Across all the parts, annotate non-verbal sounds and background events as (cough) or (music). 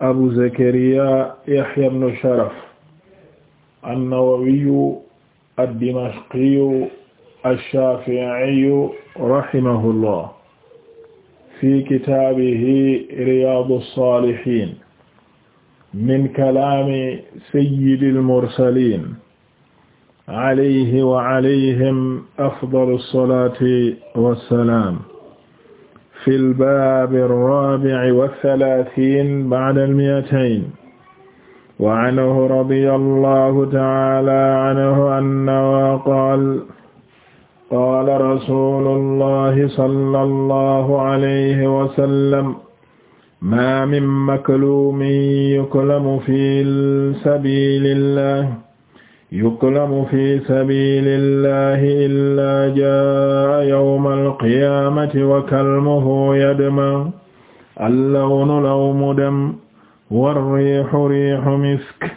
abu zakariya yahya ibn sharaf an-nawawiyu ad-dimashqiyu ash-shafi'iyu rahimahullah fi kitaabihi riyaadu saalihiin min kalaami sayyidil mursaliin alayhi wa alayhim afdalu salaati wa salaam fi lbaabi arraabi'i wathalaathiin ba'da al-mi'atayn wa anhu radiya allahu ta'aala anhu annahu qaala qaala rasuulullahi sallallahu alayhi wa sallam maa min makluumin yuklamu fi sabiilillah yuklamu fi sabilillahi illaa jaa yawma alqiyamati wa kalmuhu yadma allawnu lawmu dam warriihu riihu misk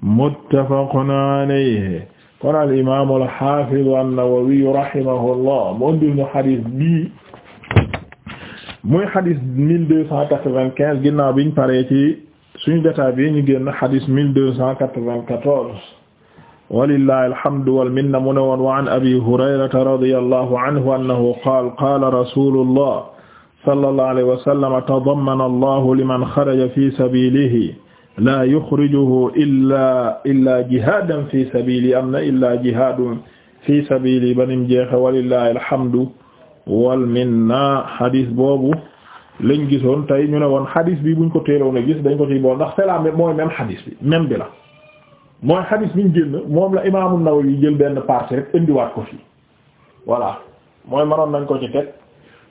muttafaqun alayhi kon al imaamu alxaafidu annawawiyu rahimahullah mu ëndil ñu xadis bii muy xadis mille deux cent quatre-vingt-quinze ginnaaw biñ paree ci suñu jotaay bi ñu génn xadis mille deux cent quatre-vingt-quatorze walillahi alhamdu wal minna mu ne woon wa an abi hurayrata radiyallahu anhu annahu qaala qaala rasulullah sallallahu alayhi wa sallam tadammana allahu liman xaraja fi sabilihi laa yuxrijuhu illaa illaa jihaadan fi sabili am na illaa jihaadun fi sabili banim jeexe walillahi alhamdu wal minna xadis boobu lañ gisoon tey ñu ne woon xadis bi buñ ko teeloon a gis dañ ko ci bool ndax c'est la même mooy même xadis bi même bi la mooy xadis bi ñu génn moom la imaamu Nawawi jël benn partie rek indiwaat ko fi voilà mooy maroon nañ ko ci teg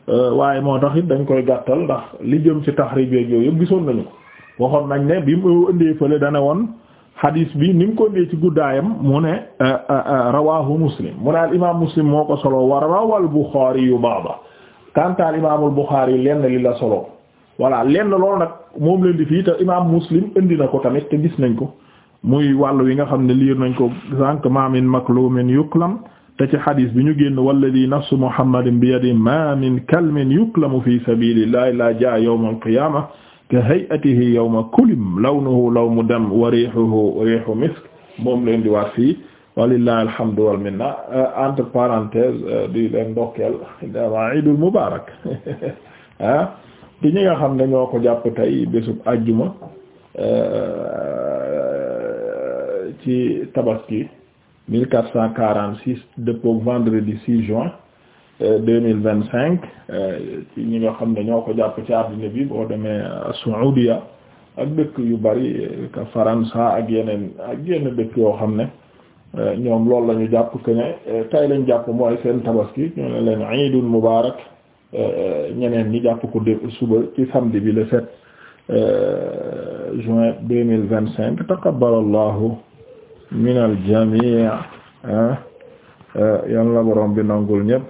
euh, waaye moo tax it dañ koy gàttal ndax li jëm ci taxriij yeeg yooyu yëpp gisoon nañu ko waxoon nañ ne bi mu indee fële dane woon xadis bi ni mu ko indee ci guddaayam mu ne euh, euh, rawahu muslim mu ne al imaam muslim moo ko solo wa rawal Buxaari yu baaba kanta al imaamul Buxaari yi lenn li la solo voilà lenn loolu nag moom leen di fii te imaam muslim indi na ko tamit gis nañ ko muy wàll wi nga xam ne lir nañ ko sànq ma min maklumin yuklam te ci xadis bi ñu génn walladi nafsu muhammadin bi yadi ma min kalmin yuklamu fi sabilillahi la jaa yawma alqiyama ka hay'atihi yawma kulim lawnuhu lawnu dem wa rihuhu rihu misk moom leen di waat fii walillahi alhamdu wal minna euh, entre parenthèses euh, di leen ndokkeel dama idul mubarak (laughs) ah di ñi nga xam ne ñoo ko jàpp tey bésub àjjuma euh, ci tabaski mille quatre cent quarante six dëppook vendredi six juin euh, deux mille vingt cinq euh, ci ñi nga xam ne ñoo ko jàpp ci àddina bi boo demee euh, Saoudia ak dëkk yu bari ka Faransa ak yeneen ak yenn dëkk yoo xam ne ñoom loolu la ñu jàpp que ne tay lañ jàpp mooy seen tabaski ñu ne leen iidul mubaarak ñeneen ñi jàpp ko dé suba ci samedi bi le sept juin deux mille vingt cinq taqabbalallahu min al jamii ah, ah, ah, yal na borom bi nangul ñépp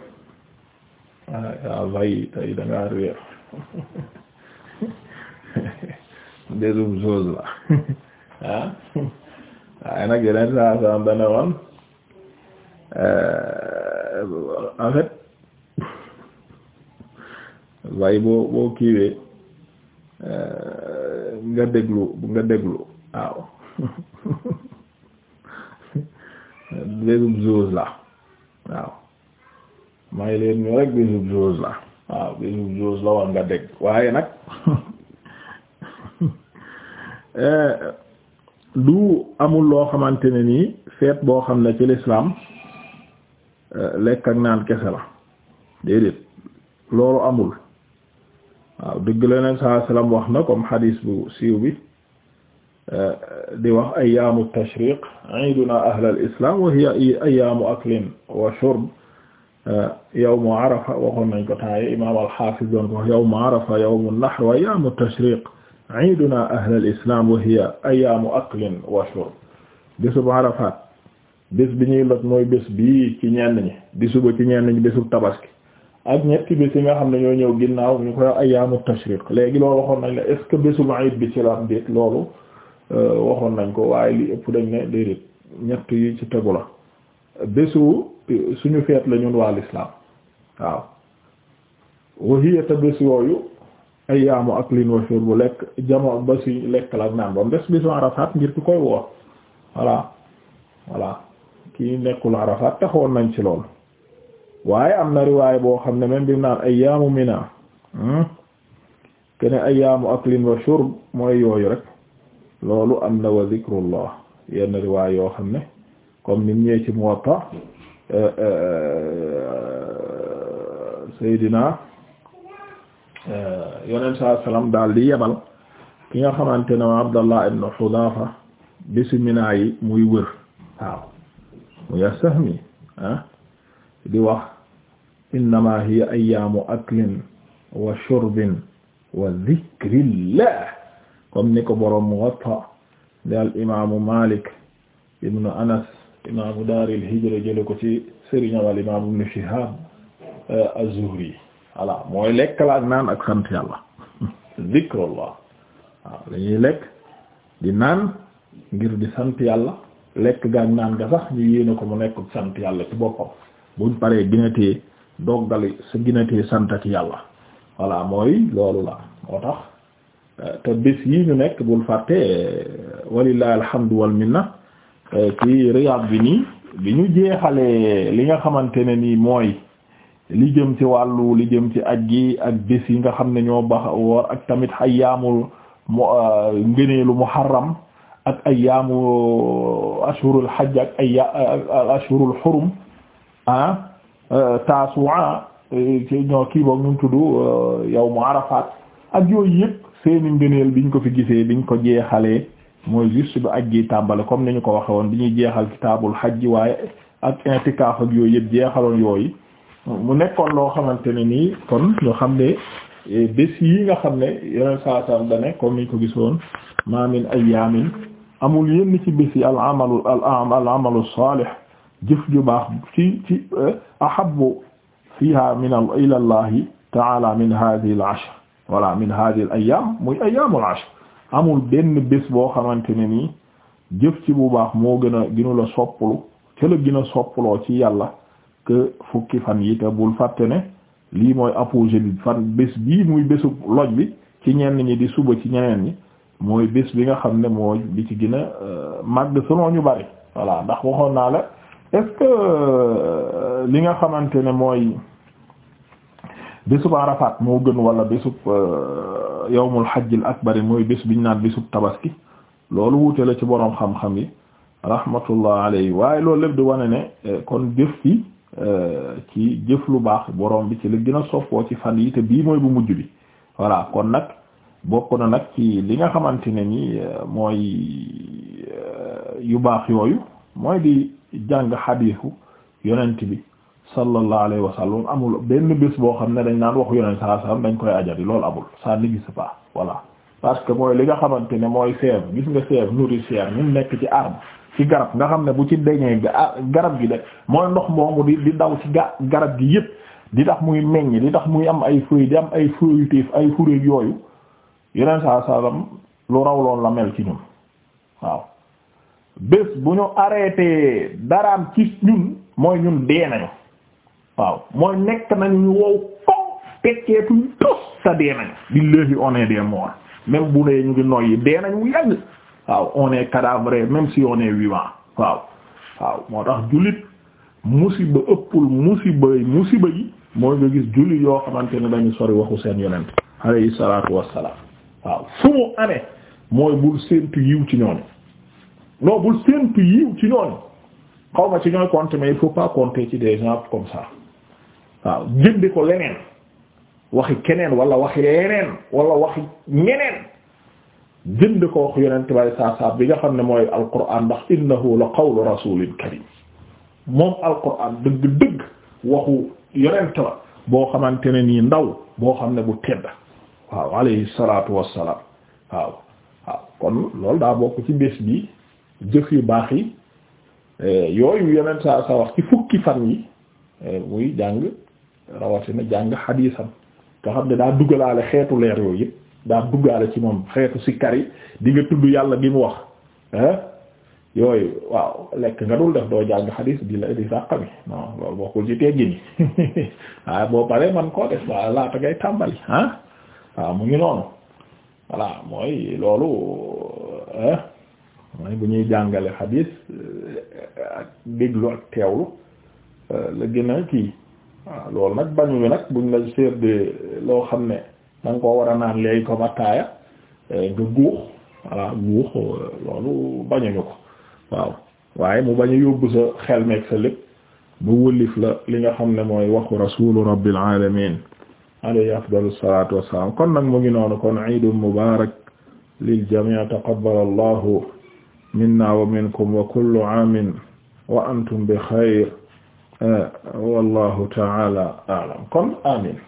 yaa vay tay da ngaa réer (laughs) désum chose la (laughs) ah waaye nag yeneen saa saa dane woon eh, en fait waaye boo boo kiiwee eh, nga déglu nga déglu waaw (laughs) bésub jose la waaw may leen ñu rek bésub jose la waaw bésub jose la war nga dégg waaye nag (laughs) eh, du amul loo xamante ne nii feet boo xam ne ci lislaam eh, lekk ak naan kese la déedéet loolu amul waaw dëgg leen ne saa salaam wax na comme hadis bu siiw bi di wax ayaamu tashriq iiduna ahlal islam wa hiya ayaamu aklin wa shurb yawmu arafa waxoon nañ ko taaye imaam al-Haafiz doon ko yawmu arafa yawmu nahr wa ayaamu tashriq iiduna ahlal islam wa hiya ayaamu aklin wa shurb bésub arafaat bés bi ñuy lot mooy bés bii ci ñenn ñi di suba ci ñenn ñi bésub tabaski ak ñetti bés yi nga xam ne ñoo ñëw ginnaaw ñu koy ayaamu tashriq léegi loolu waxoon nañ la est ce que bésub iid bi ci la am déet loolu. Euh, waxoon nañ ko waaye li ëpp dañ ne déedéet ñett yi ci tegu la bésu euh, suñu feet la waa l'islam waaw wa bés yooyu ayyaamu aklin wa shurb bu lekk jamono ba si lekk la ak naan ba mu des bésu Arafat ngir ku koy woor voilà voilà kii nekkul Arafat taxoon nañ ci lool waaye am na riwaay boo xam ne même bi naan ayyaamu Mina hmm? kene ay aklin wa shurb mooy yooyu rek loolu am na wa zikrullah yenn riwaay yoo xam ne comme ni ñëwee ci Muwatta euh, euh, euh, Seydina yonent saa salaam daal di yebal ki nga xamante ne waa Abdallah ibn Hudhafa bisu Mina yi muy wër waaw muy Sahmi ah di wax innama hiya ayyaamu aklin wa shurbin wa dhikrillah comme ni ko borom Muwatta di al imaamu Malik ibn Anas imaamu daaril hijra jële ko ci sëriñam al imaamu ibn Shihab eh, az-Zuhri voilà mooy lekk la ak naan ak sant yàlla (laughs) zikrullah waaw lañuy lekk di naan ngir di sant yàlla lekk ga ak naan ga sax ñu yéene ko mu nekk sant yàlla ci boppam buñ paree ginatee doggali sa ginatee santati yàlla voilà mooy loolu la moo tax te bés yi ñu nekk bul fàtte walillahi alhamdu wal minna ci Riyad bi ni bi ñu jeexale li nga xamante ne nii mooy li jëm ci wàllu li jëm ci aj gi ak bés yi nga xam ne ñoo bax woor ak tamit ayyaamul mu euh, ngëneelu muharram ak ayyaamu ashurul hajj ak ayya euh, ashurul hurum ah euh, tasu'a ñoo kii boog ñu tudd yawmu Arafat ak yooyu yëpp seeni ngëneel biñ ko fi gisee ñu ko jeexalee mooy juste ba ak gi tàmbale comme ni ñu ko waxe woon bi ñuy jeexal kitaabul xaj waaye ak intikaaf ak yooyu yëpp jeexaloon yooyu mu nekkoon loo xamante ne nii kon ñu xam ne eh, bés yi nga xam ne yeneen saa saa dane comme ni ñu ko gisoon ma min ayaamin amul yenn ci bés yi al amalu al am al amalu salih jëf ju baax ci ci eh, ahabbu fiha min al ila allahi taala min hadhihi al ashr voilà min hadhihi al ayyam muy ayyamul ashr amul benn bés boo xamante ne nii jëf ci bu baax moo gën a gënu la sopplu te la gën a soppaloo ci yàlla que fukki fan yi te bul fàtte ne lii mooy apogée bi fan bés bii muy bésu loj bi ci ñenn ñi di suba ci ñeneen ñi mooy bés bi nga xam ne mooy bi ci gën a euh, màgg selon ñu bari voilà ndax waxoon naa la est euh, li nga xamante ne mooy. bésub Arafat moo gën wala bésub euh, yawmul hajjil akbari mooy bés biñ naan bésub tabaski loolu wuute la ci boroom xam-xam yi rahmatullah alayhi waaye loolu lépp di wane ne euh, kon jëf ci euh, ci jëf lu baax borom bi ci la gën a soppoo ci fan yi te bii mooy bu mujj bi voilà kon nag bokk na nag ci li nga xamante ne nii mooy yu baax yooyu mooy di jàng xadiisu yonent bi sallallahu alayhi wa sallam amul benn bés boo xam ne dañ naan wax yonent saa sallam dañ koy ajari loolu amul ça n'existe pas voilà parce que mooy li nga xamante ne mooy sève gis nga sève nourricière ñu nekk ci arbre ci garab nga xam ne bu ci deñee ah, garab gi de mooy ndox moomu di di daw ci ga garab gi yépp di tax muy meññ di tax muy am ay feuilles di am ay fruitif ay furéeg yooyu yeneen saa sallam lu raw loolu la mel ci ñun waaw bés bu ñu arrêté daraam mooy waaw mooy nekk nañu wow koŋ tekkeetuñ tos sa dee nañ billahi on est des morts même bu nee ñu ngi noyyi dee nañu yàgg waaw on est cadavre si on est vivant waaw waaw moo tax jullit musiba ëppul musiba yi musiba yi mooy nga gis jullit yoo xamante ne dañu sori waxu seen yonent alayhi salaatu wassalaam waaw fu mu amee mooy bul séentu yiw ci ñooñu non bul séentu yiw ci ñooñu xaw ma ci ñooy compter mais il faut pas compter ci des gens comme ça waaw jënde ko leneen waxi keneen wala waxi leneen wala waxi ñeneen jënd ko wax yonent bay saasaab bi nga xam ne mooy alquran ndax innahu la qawlu rasulin karim moom alquran dëgg-dëgg waxu yonent la boo xamante ne nii ndaw boo xam ne bu tedd waaw alayhi salaatu wassalaam waaw waaw kon loolu daa bokk ci bés bi jëf yu baax yi eh, yooyu yonent saa sa wax ci fukki fan yi eh, muy jàng rawatina jàng xadiisam nga xam ne daa dugalaale xeetu leer yooyu yëpp daa duggaale ci moom xeetu sikkar yi di tudd yàlla gi mu wax yooyu waaw lekk nga dul def doo jàng xadiis di la di sàq mi yi (laughs) boo paree man koo ngay tàmbali ah mu ngi noonu voilà mooy loolu mooy bu ñuy jàngale xadiis euh, ak déglu ak teewlu euh, la gën a kii waaw loolu nag bañuñu nag buñ la seetlee loo xam ne da nga koo war a naan léegi comme attaaya eh, nga guux voilà guux euh, loolu bañuñu ko waaw waaye mu bañ a yóbbu sa xel meeg sa lépp ba wëlif la li nga xam ne mooy waxu rasulu rabbil alamin alayhi afdalu salatu wassalam kon nag mu ngi noonu kon iidun mubarak lil jami' taqabbala allahu minna wa minkum wa kullu aamin wa antum bi xayr Eh, wallahu taala alam kon amin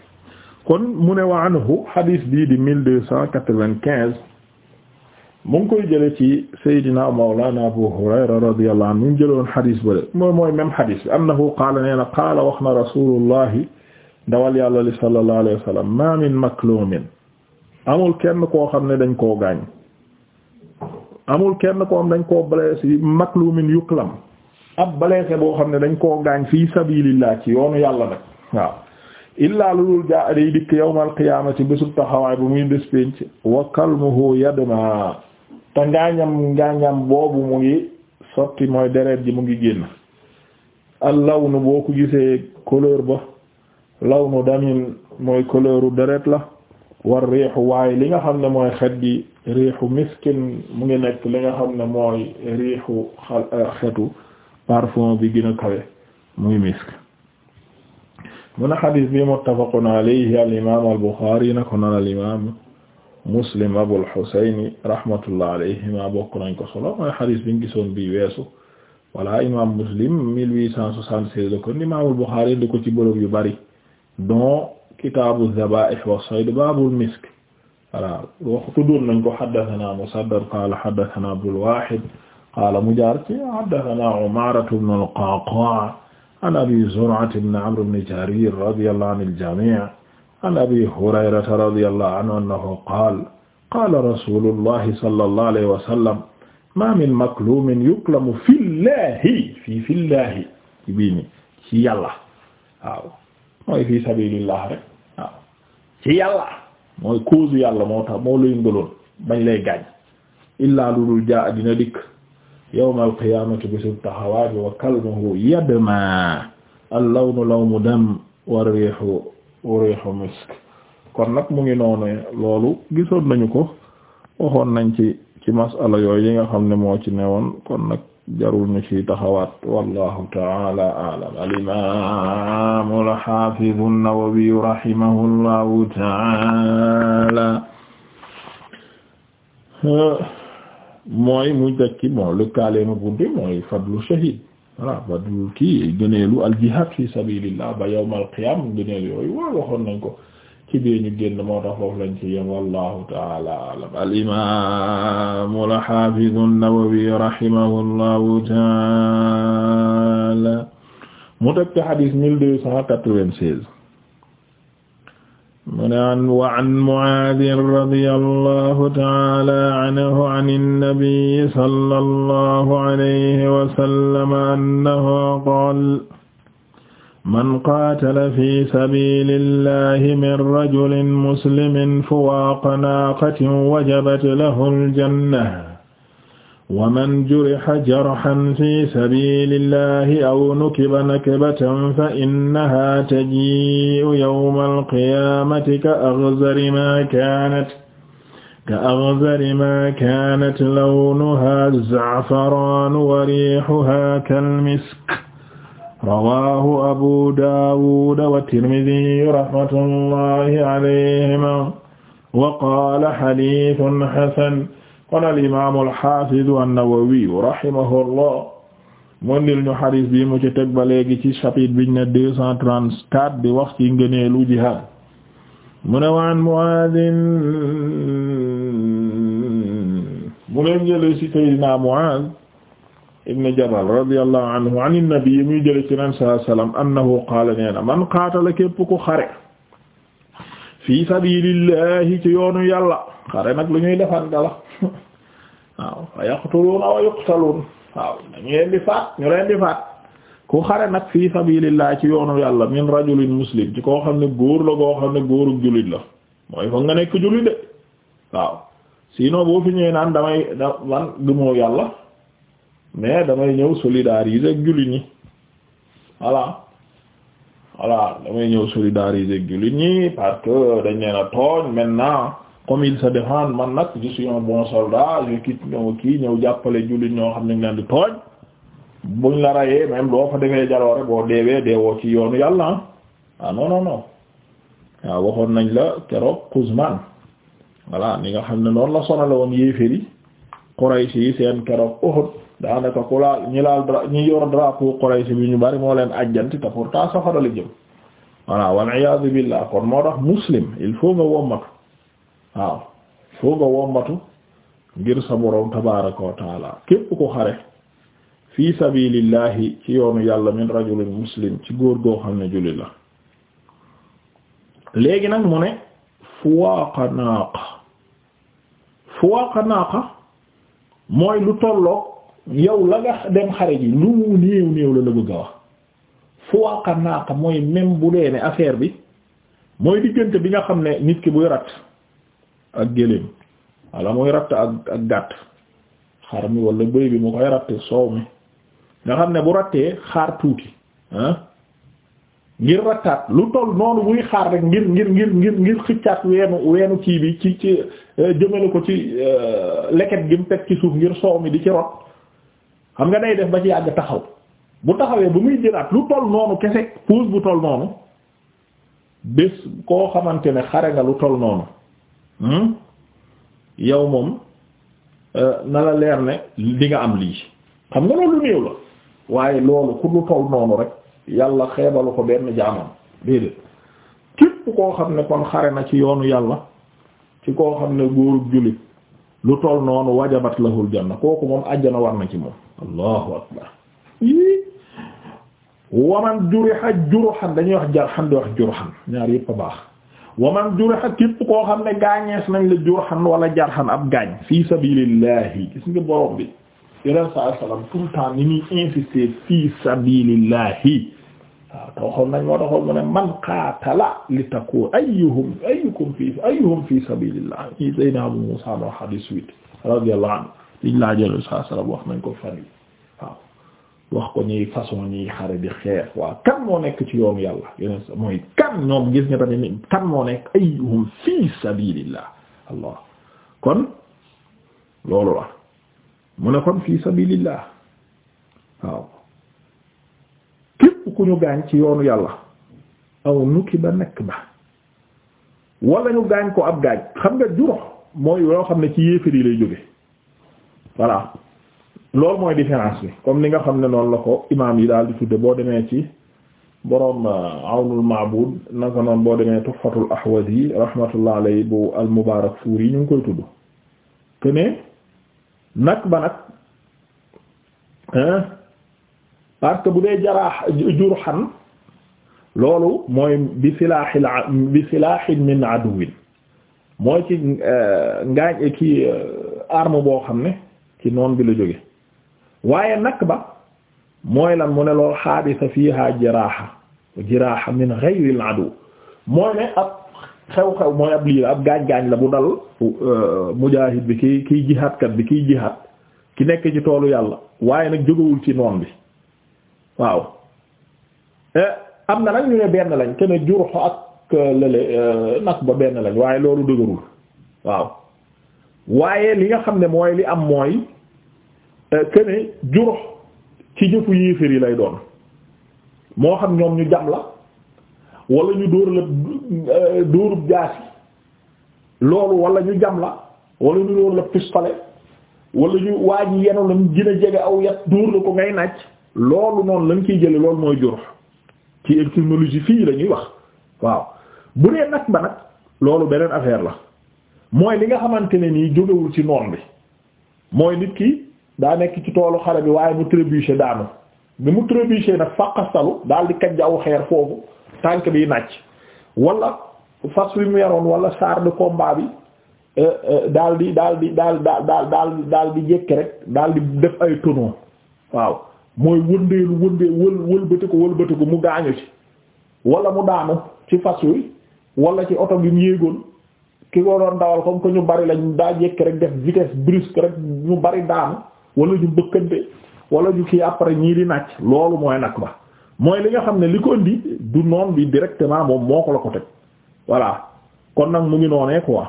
kon mu ne wa anhu hadith bi di mille deux cent quatre-vingt-quinze mu ngi koy jële ci saydina mawlana abu hurayra radiyallahu anhu mu ngi jëloon hadith bale mooy mooy même hadith bi annahu qaala nee na qaala wax na rasulullahi dawal yàlla li sallallahu alayhi wa sallam ma min maklumin amul kenn koo xam ne dañ koo gaañ amul kenn koo am dañ koo blessé maklumin yuklam ab blessé boo xam ne dañ koo gaañ fii sabilillah ci yoonu yàlla nag waaw illaa lu dul jaa day dikk yawmal qiyaamati bésub taxawaay bu muy bés pénc wa kalmuhu yadma te ngaañam ngaañam boobu mu ngi sotti mooy deret ji mu ngi génn al lawnu boo ko gisee couleur ba lawnu damin mooy couleuru deret la war riixu waaye li nga xam ne mooy xet gi riixu miskin mu ngi nekk li nga xam ne mooy riixu xetu parfum bi gën a kawe muy misk mun a xadis bi muttafaqun alayhi al imam al Bukhari na ko noon al imam Muslim Abul Husayn rahmatullah alayhima bokk nañ ko solo mooy xadis biñ gisoon bi weesu wala imam Muslim 1876 ko imam al Bukhari di ko ci bërëb yu bari don kitaabu zabaa'ih wa sayd baabul misk voilà wax tuddoon nañ ko haddathana Musaddad qala haddathana Abdul Wahid qaala mu jaar ci haddathana Umaaratu ibn al-Qaqaa' an Abi Zur'ata ibn Amr ibn Jarir radiyallahu anil jamii' an Abi Hurayrata radiyallahu anhu annahu qaala qaala rasuulullahi sallallahu alayhi wa sallam maa min makluumin yuklamu fillaahi fii fillaahi ci bii ni ci yàlla waaw mooy fii sabiilillah rek waaw ci yàlla mooy cause yàlla moo tax moo lay ngaloon bañ lay gaañ illaa ludul jaa dina dikk yawmal qiyaamati bisu taxawaay bi wa kalbuhu yadmaa al-lawnu lawnu dam misk kon nag mu ngi noonu loolu gisoon nañu ko waxoon nañ ci ci masala yooyu yi nga xam ne moo ci newoon kon nag jarul ñu ci taxawaat wallahu ta'ala a'lam al-imaam al ta'ala mooy mu jakki bon lëkkaale ma buntu mooy fadlu shahid voilà fadlu kii gëneelu al jihad fi sabilillah ba yawmal qiyam gëneel yooyu waaw waxoon nañ ko ci biir ñu génn moo tax foofu lañ ci yem wallahu taala alam al imam al hafiz an-Nawawi rahimahullahu taala mu teg ci hadith mille deux cent quatre-vingt-seize mu ne an wa an mucaadin radiyallahu taala anhu an annabiyi sallallahu alayhi wa sallam annahu qaala man qaatala fi sabiilillahi min rajulin muslimin fuwaqa naaqatin wajabat lahu aljanna waman juriha jarhan fi sabilillahi aw nukiba nakbatan fa innaha taji'u yawmal qiyaamati ka aghzari ma kaanat ka aghzari ma kaanat lawnuha za'faraan wa riihuha kalmisk rawaahu abu daawud wa tirmidhi rahmatullahi alayhima wa qaala hadiisun hasan kon al imaamu alxafidu annawawiyu rahimahullah mu ndil ñu bi mu ci teg ba léegi ci chapitre biñ ne deux cent trente-quatre di wax ci ngëneelu jihaad mu ne waan Muaadin mu leen jële ci sayyidina Muaad ibn Jabal radiyallahu anhu an innabi muy jële ci nen saai sallam annahu qaala nee na man qaatala képp ku xare fi sabilillahi ci yoonu yàlla xare nag lu ñuy defan waaw fa yaqtuluuna wa yuqtaluun waaw dañu leen di faat ñu leen di faat ku xare nag fii sabilillah ci yoonu yàlla min rajulin muslim ci koo xam ne góor la koo xam ne góoru jullit la mooy foog nga nekk jullit de waaw sinon boo fi ñëwee naan damay da man yàlla mais damay ñëw solidariser ak jullit ñi voilà voilà damay ñëw solidariser ak ñi parce que dañ leen a tooñ maintenant comme il se défend man nag je suis un bon soldat je quitte ñëw kii ñëw jàppale jullit ñoo xam ne ñu leen di tooñ buñ la rayee même boo fa defee jaloore boo deewee deewoo ci yoonu yàlla ah, ah, ah waxoon nañ la keroog Quzman voilà ni nga xam ne noonu la sonal woon yéeféri Quraysh yi seen keroog Uhud daanaka ku laal ñi laal dra ñi yor drapeau Quraysh bi ñu bari moo leen ajjanti te pourtant safara la jëm voilà wal iyaadu billah kon moo muslim il faut nga wommatu waaw foo nga ngir sa boroom tabaraka wa taala képp ko xare fi sabilillahi ci yoonu yàlla min rajulin muslim ci góor goo xam ne julli la léegi nag mu ne fuwaaqa naaqa fuwaaqa naaqa mooy lu tolloog yow la nga dem xare ji lu mu néew néew la la bëgg a wax fuwaaqa naaqa mooy même bu dee ne affaire bi mooy diggante bi nga xam ne nit ki buy rat ak géléem wala muy ratt ak ak gàtt xar mi wala bëy bi mu koy ratt soow mi nga xam ne bu rattee xaar tuuti ngir rattaat lu toll noonu muy xaar rek ngir ngir ngir ngir ngir xiccaat weenu weenu kii bi ci ci euh, jëmale ko ci euh, leket gi mu teg ci suuf ngir soow mi di ci rot xam nga day def ba ci yàgg taxaw bu taxawee bu muy jëlaat lu toll noonu kese puus bu toll noonu bés koo xamante ne xare nga lu toll noonu Hmm? yow moom euh, na la leer ne di am lii xam nga loolu néew la waaye loolu ku lu toll noonu rek yàlla xeebalu ko benn jaamam déedéet képp koo xam ne kon xare na ci yoonu yàlla ci koo xam ne góorub jullit lu toll noonu wajabat lahul janna kooku moom àjjana war na ci moom allahu akbar yii waman juriha juruhan dañuy wax jarhan di wax jurhan ñaar yépp a baax wa man juriha képp koo xam ne gaañees nañ la jurhan wala jarhan ab gaañ fi sabilillahi gis nga borom bi yeneen saa salaam tout le temps ni ñuy insister fi sabilillahi waaw tooxoon nañ moo taxoon mu ne man qaatala li takun ayyuhum ayyukum fi ayyuhum fi sabilillah ñi Seydina Abu Musa no hadis 8 radiyallahu anhu liñ laa jël saa salaam wax nañ ko fan yi wax ko ñuy façon ñiy xare bi xeex waa kan moo nekk ci yoonu yàlla yeneen mooy kan ñoom gis nga tamit ni kan moo nekk ayyuhum fi sabilillah allah kon loolu la mu ne kon fi sabilillah waaw képp ku ñu gaañ ci yoonu yàlla aw nukki ba nekk ba wala ñu gaañ ko ab gaañ xam nga juro mooy yoo xam ne ci yéefar yi lay jóge voilà loolu mooy différence bi comme ni nga xam ne noonu la ko imaam yi daal di tudde boo demee ci boroom euh, awnul maabud naka noonu boo demee tuhfatul ahwazi rahmatullah alayhi bu al mubaarak fuur yi ñu ngi koy tudd que ne ba nag parce que bu dee jaraax jurxan loolu mooy bi silaaxil bi silaaxin min aduwin mooy ci euh, ngaañ ki euh, arme boo xam ne ci noon bi la jóge waaye nag ba mooy lan mu ne lool xaadisa fiiha jiraaxa jiraaxa min ghayri adu mooy ne ab xew-xew mooy ab lii la ab gaañ-gaañ la bu dal euh, mujaahid bi ki kiy jihaadkat bi kiy jihaad ki nekk ci toolu yàlla waaye nag jógawul ci noon bi waaw eh, am na nag ne benn lañ te ne jurxu ak euh, lële euh, nag ba benn lañ waaye loolu dëgërul waaw waaye li nga xam ne mooy li am mooy kene euh, jurux ci jëfu yéeféer yi lay doon moo xam ñoom ñu jam la wala ñu dóor la euh, dóorub jaasi loolu wala ñu jam la wala ñu dóor la pistolet wala ñu waa ji yenu la gën a jege aw yat dóor la ko ngay nàcc loolu noonu lañ ciy jële loolu mooy jurux ci étymologie fii lañuy wax waaw bu dee nag ba nag loolu beneen affaire la mooy li nga xamante ne nii jógewul ci noon bi mooy nit ki daa nekk ci toolu xare bi waaye mu trébuché daanu bi mu trébuché nag fàqastalu daal di kajj aw xeer foofu tànk bi nàcc wala fas wi mu yaroon wala char de combat bi euh, euh, daal di dal di daal daal daal daal di jekki di def ay tonneau waaw mooy wëndeelu wëndeel wël wëlbatiku wëlbatiku mu gaañu ci wala mu daanu ci fas wi wala ci oto bi mu yéegoon ki ko dawal comme que ñu bari lañ daa jekki rek def vitesse brusque rek ñu bari daanu wala ñu bëkkante wala ñu kii après ñii di nàcc loolu mooy nag ba mooy li nga xam ne li ko indi du noon bi directement moom moo ko la ko teg voilà kon nag mu ngi noonee quoi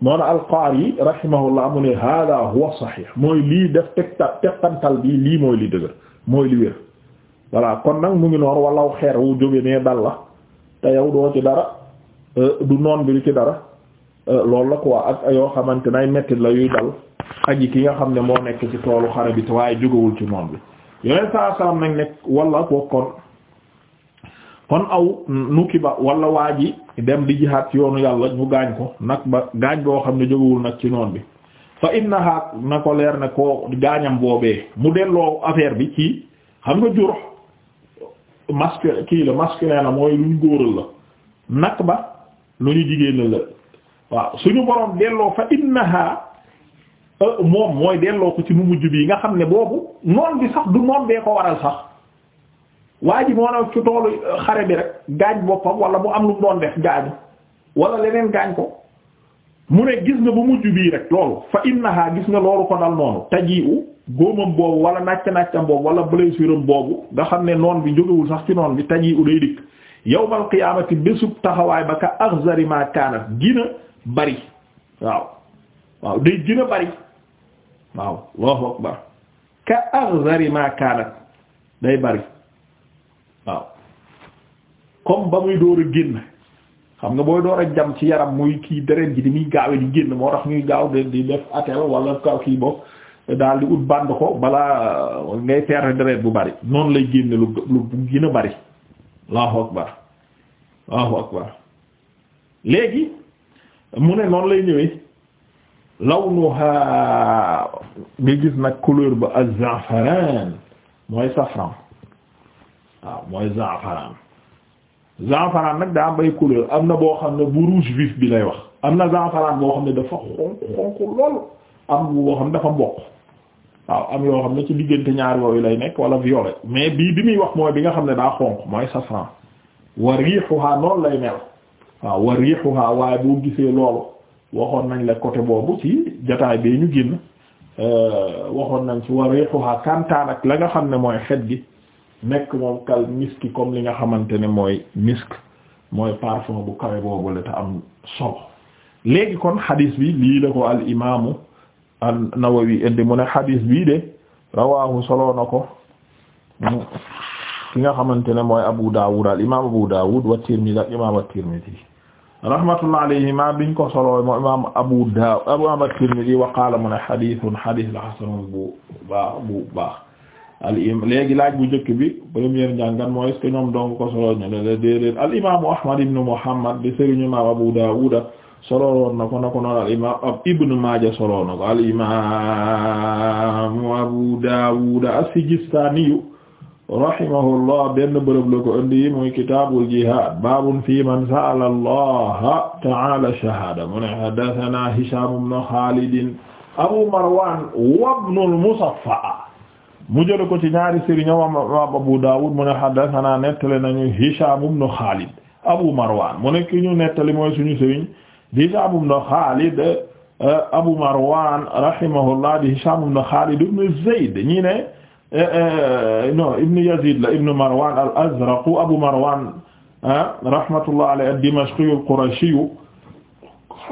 moo na al-Qaari rahimahullah mu ne hada huwa sahih mooy lii def tegta teqantal bi lii mooy li dëgër mooy li wér voilà kon nag mu ngi noonu walaw xeer wu jóge ne dal la te yow doo ci dara euh, du noon bi du ci dara euh, lool la quoi ak yoo xamante nay mettit la yuy dal aji ki nga xam ne moo nekk ci toolu xare bi te waaye jógawul ci noon bi yoneen saa salaam nag nekk wala bokkoon kon aw nukki ba walla waa ji dem di jixaat ci yoonu yàlla ñu gaañ ko nag ba gaañ boo xam ne jógawul nag ci noon bi fa innaha na ko leer ne koo gaañam boobee mu delloo affaire bi ci xam nga jurux masculin la masculin la mooy lu ba lu ñu jigéen la waaw suñu borom delloo fa innaha Euh, moom mooy delloo ko ci mu mujj bii nga xam ne boobu noon bi sax du noon bee ko waral sax waa ji moo ne ci toolu euh, xare bi rek gaañ boppam wala mu am lu mu doon def gaañu wala leneen gaañ ko mu ne gis nga bu mujj bii rek loolu fa innaha gis nga loolu ko dal noonu tajiwu góomam boobu wala nàcc-nàccam boobu wala blessuram boobu nga xam ne noon bi jógewul sax ci noon bi tajiwu day dikk yawmal qiyaamati bésub taxawaay ba ka akhzari ma kaanat gina bari waaw waaw day waaw allahu akbar ka aghzari ma kaanat ba muy door a xam nga booy door a jam ci yaram muy kii deret ji di muy gaawe di génn moo tax ñuy gaaw di def atel wala kaw kii boobu daal di ut bànd euh, bu bari noonu lay génne bari allahu akbar léegi mu ne noonu lay ñëwee lawnuha nga gis nag couleur ba az-za'faran mooy safran waaw mooy za'faran za'faran nag daa am couleur am na boo xam ne bu rouge vif bi lay wax am na za'faran boo xam ne dafa xonq xonq lool am boo xam ne dafa mboq waaw am yoo xam ne ci diggante ñaar yooyu lay nekk wala violet mais bii bi muy wax mooy bi nga xam ne daa xonq mooy safran wa rihuha lool lay mel waaw wa rihuha waaye boo gisee loolu waxoon nañ la côté boobu ci jataay bee ñu Euh, waxoon nañ ci wa rihuha kantaan ak la nga xam ne mooy xet gi nekk moom kal miski kom li nga xamante ne mooy misk mooy parfum bu kawe boobu la te am solo léegi kon xadis bi lii la ko al imaamu an-Nawawi indi mu ne xadis bii de rawaahu solo na ko ki nga xamante ne mooy Abu Dawud al imaam Abu Dawud wa Tirmidhi ak imaam at-Tirmidhi rahmatullah alayhima biñ ko soloo moo imam Abu Dawud Abu Ahmad Tirmidhi wa qaala mu ne xadithun xadis la xasanun bu baax bu baax al im léegi laaj bu njëkk bi première njàngan mooy est-ce que ñoom donc ko soloo ñu ne la déedéet al imamu Ahmad ibn Muhammad bi sëriñu imam Abu Dawud soloo woon na ko na ko noon al imam Ibn Maaja soloo na ko al imamu Abu Dawud as-Sijistani rahimahullah benn bërëb la ko indi muy kitaabul jihaad baabun fii man sa'ala allaha ta'ala shahaada mu ne haddathana Hishaam ibn Khaalid Abu Marwaan wa ibnul Musaffa mu jël ko ci ñaari sëriñ am Abu Daawuud mu ne haddathana nettali nañu Hishaam ibn Khaalid Abu Marwaan mu ne ki ñu nettali mooy suñu sëriñ Hishaam ibn Khaalid Abu Marwaan rahimahullah di Hishaam ibn Khaalid ibn Zayd ñi ne Eh, eh, eh, non ibn Yazid la ibn Marwan al-Azraq Abu Marwan ah, rahmatullah alayhi ad-Dimashqi al-Qurashi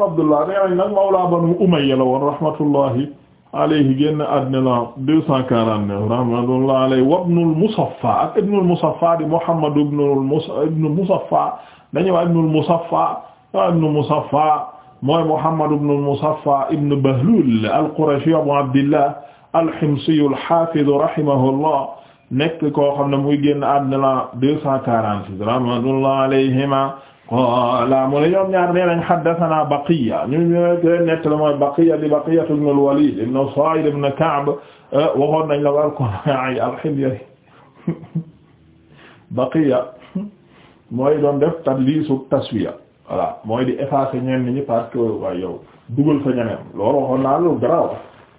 Abdullah nee nañ nag mawla Banu Umayya la woon rahmatullahi alayhi génn àddina la 249 rahmatullahi alayhi wa ibn al-Musaffa ak ibn al-Musaffa di Muhammad ibn al-Musaffa dañuy wax ibn al-Musaffa ibn Musaffa mooy Muhammad ibn al-Musaffa ibn Bahlul al-Qurashi Abu Abdillah alximsiyu alxaafidu rahimahullah nekk koo xam ne muy génn àddina la deux cent quarante-six rahmatullah alayhima qaala mu ne ñoom ñaar nee nañ haddathana Baqiya ñu ne nett la mooy Baqiya di al-Walid ibn Sa'id ibn Ka'b waxoon nañ la war def tadlisu taswiya voilà mooy di effacer ñenn ñi parce que waaye yow dugal fa ñeneen loolu waxoon naa lu garaaw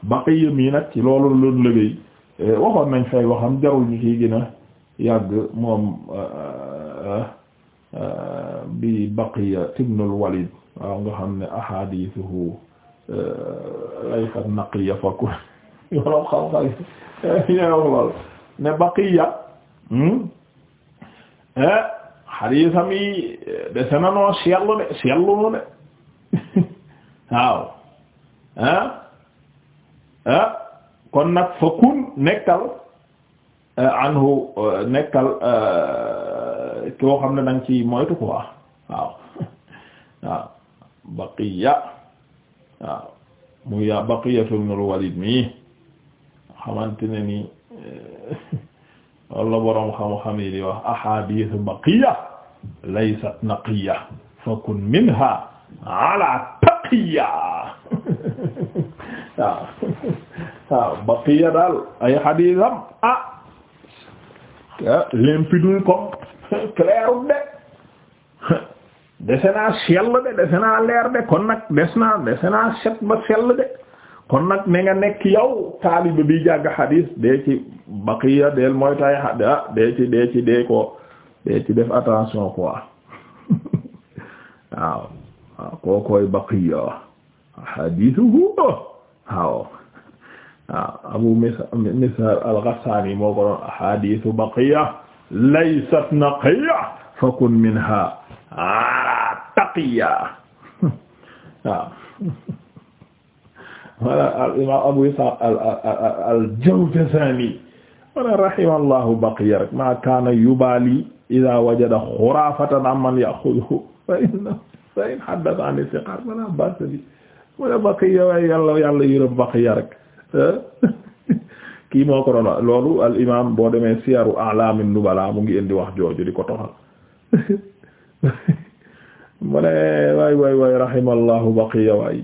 Baqiya mii nag ci loolu la doon liggéey eh, waxoon nañ waxam jarul ñu ciy gën moom eh, eh, bi Baqiya ibnul Walid waaw xam ne ahadithuhu laysa naqiya fa ku yoroom xam-xam ñeew lool ne Baqiya hmm? xadiisam yi dese na noo seetlu de seetlu nu de (laughs) waaw ah kon nag fa kun nekkal ah, anhu ah, nekkal ah, koo xam ne da nga ci moytu quoi waaw waaw (laughs) baqiya waaw mu yaa baqiyatu ibn al-Walid mi xamante ne ni walla eh, (laughs) boroom xam-xam yi di wax ahadith baqiya laysat naqiya fa kun minha ala taqiya (laughs) waaw waaw baqiya daal ay xadiisam ah, ah limpidul comme clairul de dese naa sell de dese naa leer de kon nag des naa dese naa set ba sell de kon nag ne nga nekk yow taaliba bi jàgg xadiis dee ci baqiya del mooy tay ah dee def attention quoi (laughs) waaw waaw koo koy baqiya waaw waaw ah, abu misar al-Ghassani moo ko doon ahadithu baqiya laysat naqiya fakun minha ala taqiya waaw (laughs) ah. (laughs) wala al-imam abu ishaq al-Jawzani wala rahimallahu baqiya rek ma kana yubali idha wajada khurafatan amman ya'khudhu fa in fa in haddatha an thiqat fala ba'sa bi mu ne Baqiya waaye yàlla yàlla yërëm Baqiya rek (laughs) kii moo ko doon loolu al boo demee siyaru a'laami nubala mu ngi indi wax jooju di ko toxal (laughs) mu ne waay waay waay rahimallahu Baqiya waay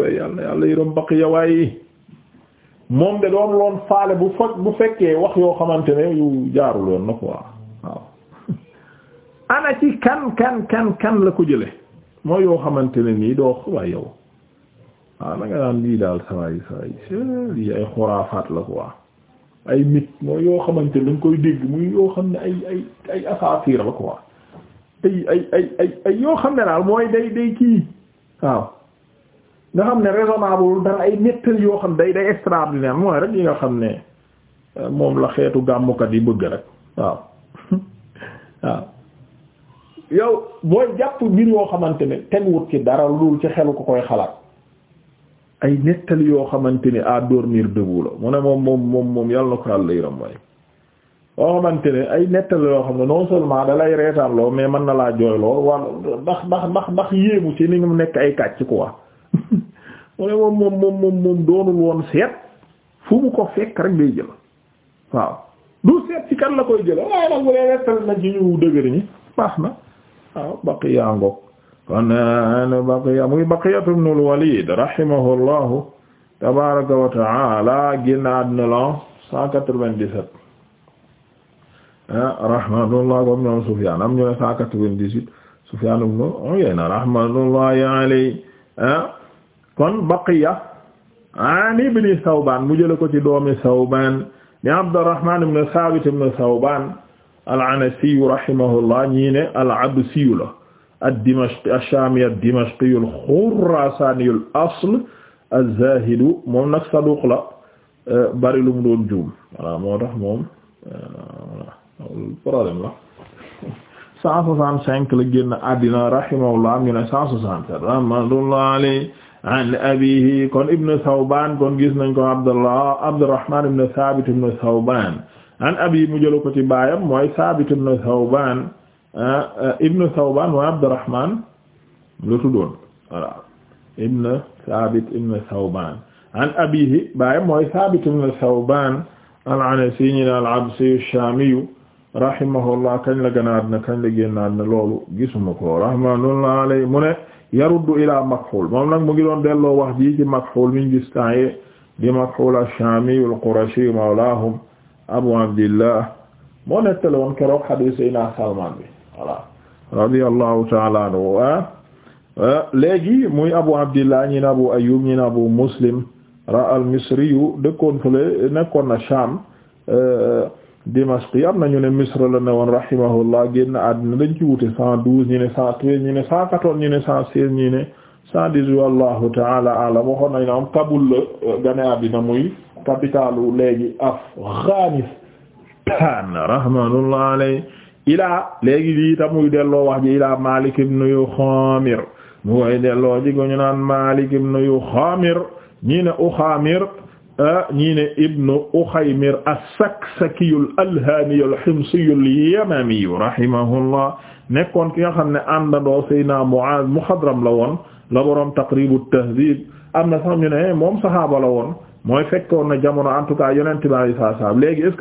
waay yàlla yàlla yërëm Baqiya waay moom de doon loon faale bu fekk bu fekkee wax yoo xamante ne yu jaarul woon na quoi waaw (laughs) ana ci kan kan kan kan la ko jële mooy yoo xamante ne nii doo waaye yow waaw da nga lii daal saway saway lii ay xuraafaat la quoi ay mit mooy yoo xamante ne da koy dégg mu yoo xam ne ay ay ay ay ay yoo xam ne daal mooy day day kii waaw nga xam ne raisonnable dara ay nettali yoo xam ne day day extraordinaire mooy rek yi nga xam ne euh, moom la xeetu gàmmukat yi bëgg rek waaw (laughs) waaw yow booy jàpp mbir yoo xamante ne teguwut ci dara lu dul ci xelu ko koy xalaat ay nettali yoo xamante ni à dormir debout la mu ne moom moom moom moom yàlla na ko àll yërëm mooy yoo xamante ne ay nettali yoo xam ne non seulement da reetaan loo mais man na laa jooy lool wala ndax ndax ndax ndax yéemu ci ni mu nekk ay kàcc quoi (laughs) mu ne moom moom moom moom doonul woon seet fu mu ko fekk rek day jël waaw du seet ci kan la koy jël waaye nag bu dee nettali na ci ñu dëgër baax na waaw baq yaa ngoog kon eh, baqiya muy baqiyatu ibn al-Walid rahimahullahu tabaraka wa taala génnaat na lan cent quatre-vingt-dix-sept eh, rahmatullah comme ñoom Sufyan am ñu ne cent quatre-vingt-dix-huit Sufyan ibn Uyayna oh, rahmatullahi alayhi eh, kon baqiya an ibn Thawban mu jële ko ci doomi Thawban ni Abdurrahman ibn Thabit ibn Thawban al-Anasi rahimahullah ñi ne al-Absi la ad-Dimashqi ash-Shaami ad-Dimashqi al-Khuraasaani al-asl az-Zaahid moom nag saduq la euh, bari lu mu doon juum voilà moo tax moom euh, problème la (laughs) cent soixante-cinq la génn àddina rahimahullah ñu ne cent soixante-sept rahmatullah alayhi an abihi kon ibn Thawbaan kon gis nañ ko Abdullah Abdurrahmaan ibn Thaabit ibn Thawbaan an abihi mu jël ko ci baayam mooy Thaabit ibn Thawbaan Euh, euh, ibnu Thawban wa Abdurrahman la tuddoon voilà ibnu Thabit ibnu Thawban an abihi baayam mooy Thabit ibnu Thawban al-Anasi ñi al-Absi ash-Shami rahimahullah kañ la ganaat na kañ la génnaat na loolu gisuma ko rahmatullah alayhi mu ne yaruddu ila Makhul moom nag mu ngi doon delloo wax ji ci Makhul min gis taye di Makhul ash-Shami al-Qurashi mawlahum Abu Abdillah moo nettale woon keroog hadiis Sayyidina Salman bi voilà radiyallahu ta'ala anhu ah. Ah, léegi muy abu abdillah ñi ne abu ayyub ñi ne abu muslim ra al misri yu dëkkoon fële Sham ah, Dimashq am nañu ne Misr la ne woon rahimahullah génn àddina dañ ci wute cent douze ñi ne cent treize ñi ne cent quatorze ñi ne cent seize ñi ne cent dix-huit wallahu ta'ala a'lam léegi (coughs) ilaa léegi lii tam muy delloo wax ji ilaa Malik ibn Yuxamir mu koy delloo ji ko ñu naan Malik ibn Yuxamir nii ne Uxamir ñii ne ibnu Uxaymir as-Saksakiyu al-Alhamiyu al-Himsiyu al-Yamamiyu rahimahullah nekkoon ki nga xam ne àndandoo Seydina mu muxadram la woon la boroom Taqribu at-Tahdhib am na sax ñu ne moom saxaaba la woon mooy fekkoon na jamono en tout cas yonent bi sallallahu alayhi wa sallam léegi est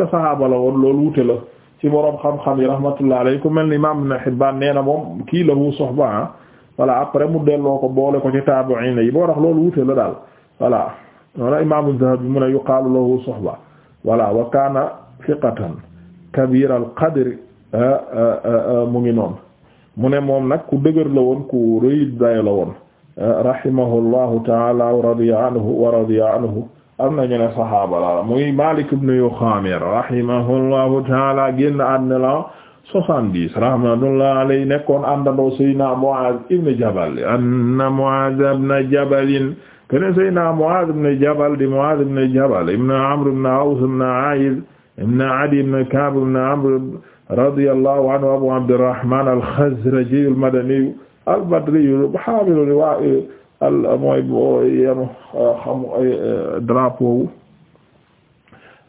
loolu wute la ci borom xam-xam yi rahmatullah alayhi ku mel ni imam Ibn Hibbaan nee na moom kii lahu suhba ah. voilà après mu delloo ko boole ko ci taabi'iin yi boo tax loolu wuute la daal voilà wala imam Zahabi mu yu yuqaalu lahu suhba voilà wa kaana thiqatan kabira al qadri ah, ah, mu ngi noonu mu ne moom nag ku dëgër la woon ku rëy dayo la woon rahimahullahu ta'ala wa radiya anhu am nañu ne saxaaba la muy Malik ibn Yuxamir rahimahullahu taala génn àddina la soixante-dix rahmatullahi alayhi nekkoon àndandoo Seydina Muaz ibn Jabal anna Muaz ibn Jabalin kene Seydina Muaz ibn Jabal di Muaz ibn Jabal ibn Amr ibn Aws ibn A'iz ibn Adi ibn Ka'b ibn Amr radiyallahu anhu Abu Abdurrahman al-Khazraji al-Madani al-Badri al mooy boo yenu euh, xam euh, drapeau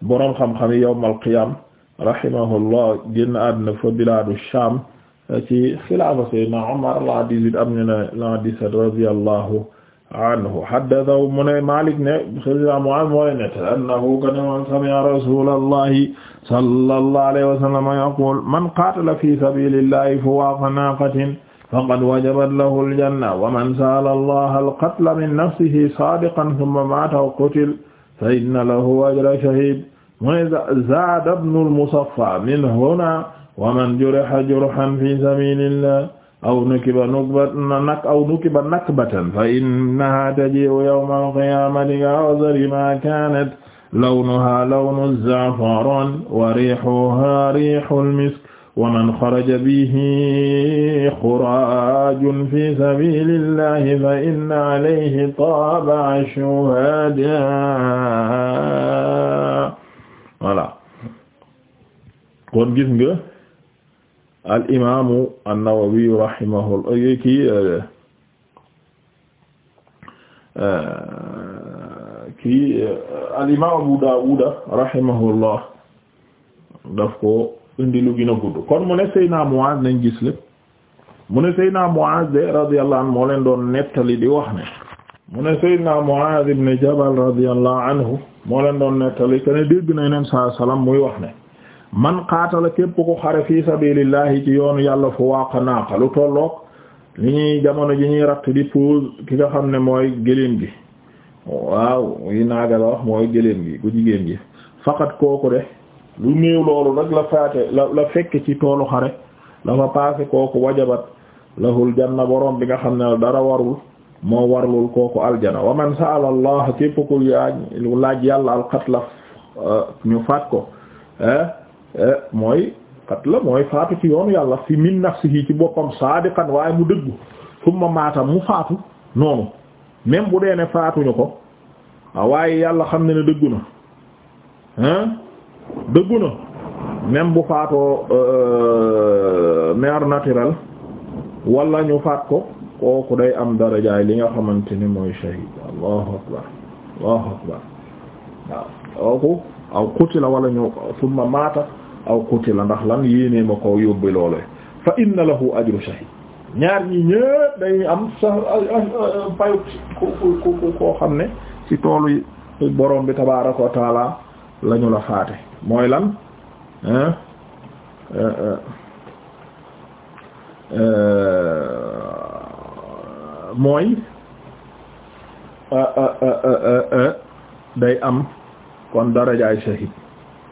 boroom xam-xam yawmal qiyaam rahimahullah génn àddina fa bilaadu Shaam euh, ci xilaafa Seydina Umar la 18 am ñu ne la 17 radiyallahu anhu haddathahu mu ne Maalik ne Seydina Muaaz moo ne annahu kana sami'a rasuulallahi sallallahu alayhi wa sallam yaqul man qaatala fi sabiilillahi fuwaqa naaqatin faqad wajabat lahu aljanna wa man saala allaha alqatla min nafsihi saadiqan thumma maata aw qutila fa inna lahu ajra shahiid mu ne zaada ibnu al-Musaffa min huna wa man juriha jurhan fi sabiilillah aw nukiba nakbatan fa innahaa tajii'u yawma al-qiyaamati ka-azri maa kaanat lawnuhaa lawnu az-za'faaran wa riihuhaa riihu al-misk wa man xaraja bihi xuraajun fi sabilillahi fa inna alayhi taaba shuhada voilà kon gis nga al imaamu an-Nawawi rahimahullah kii euh, euh, kii euh, al imaamu Abu Daawuda rahimahullah daf ko indi lu gën a gudd kon mu ne Seyna Muaz nañ gis lépp mu ne Seyna Muaz de radiyallahu moo leen doon nettali di wax ne mu ne Seyna Muaz ibn Jabal radiyallahu moo leen doon nettali kene dégg na yeneen saa salaam muy wax ne man la képp ku xare fi sabilillahi ci yoonu yàlla fu waaqa naaqa lu tolloog li ñuy jamono ji ñuy ratt di pause ki nga xam ne mooy gëléem gi waaw yi naaga la wax mooy gëléem gi ku jigéen gi faqat kooku de lu néew loolu nag la faate la la fekk ci toolu xare la fa paase kooku wajabat lahul janna borom bi nga xam ne dara warul moo warlul kooku aljana wa man sa'ala allah képp ku laaj yàlla al qatla uh, ñu faat ko eh, eh, mooy qatla mooy faatu ci yoonu yàlla fi min nafsihi ci boppam saadiqan waaye mu dëggu summa maatam mu faatu noonu même bu dee ne ko waaye yàlla xam ne ne dëggu na même bu faatoo euh, mère naturelle wala ñu faat ko kooku day am darajaay li nga xamante ni mooy shahid allahu akbar allahu akbar waaw kooku aw qutila wala ñu summa maata aw qutila ndax lan yéenee ma ko yóbbu loolee fa inna lahu ajru shahid ñaar ñi ñëpp dañuy am sa payu xam ne ci toolu borom bi tabaaraka wa taala lañu la faate mooy lan euh, euh, euh, mooy day am kon darajaay shahid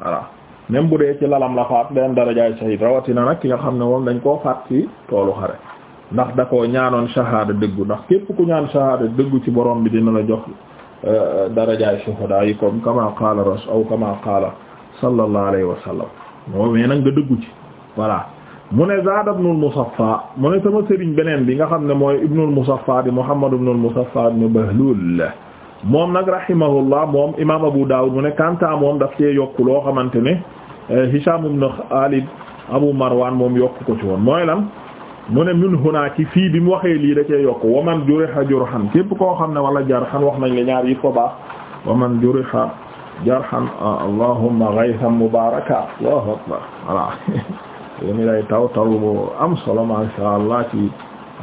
voilà même bu dee ci lalam la faat day am darajaay shahid rawatina nag ki nga xam ne moom dañ koo faat ci toolu xare ndax da koo ñaanoon saxaada dëggu ndax képp ku ñaan shahada dëggu ci borom bi dina la jox darajaay shuhada yi comme kama qala rasul aw kama qala sallallahu alayhi wa sallam moo mais nag nga dëggu ci voilà mu ne zaada ibnul Musaffa mu ne sama sëriñ beneen bi nga xam ne mooy ibnul Musaffa di Muhammad ibnul Musaffa ibn Bahlul moom nag rahimahullah moom imaam Abu Dawud mu ne kanta moom daf cee yokk loo xamante ne eh, Hisham ibn Khalid Abu Marwan moom yokk ko ci woon mooy lan mu ne mun hunaa ci fii bi mu waxee lii da cee yokk waman juriha jurhan képp koo xam ne wala jarhan wax nañ la ñaar yi ko baax jarhan allahumma ghaythan mubaraka allahu akbar voilà yéen lay taw taw bu am solo ma sha Allah ci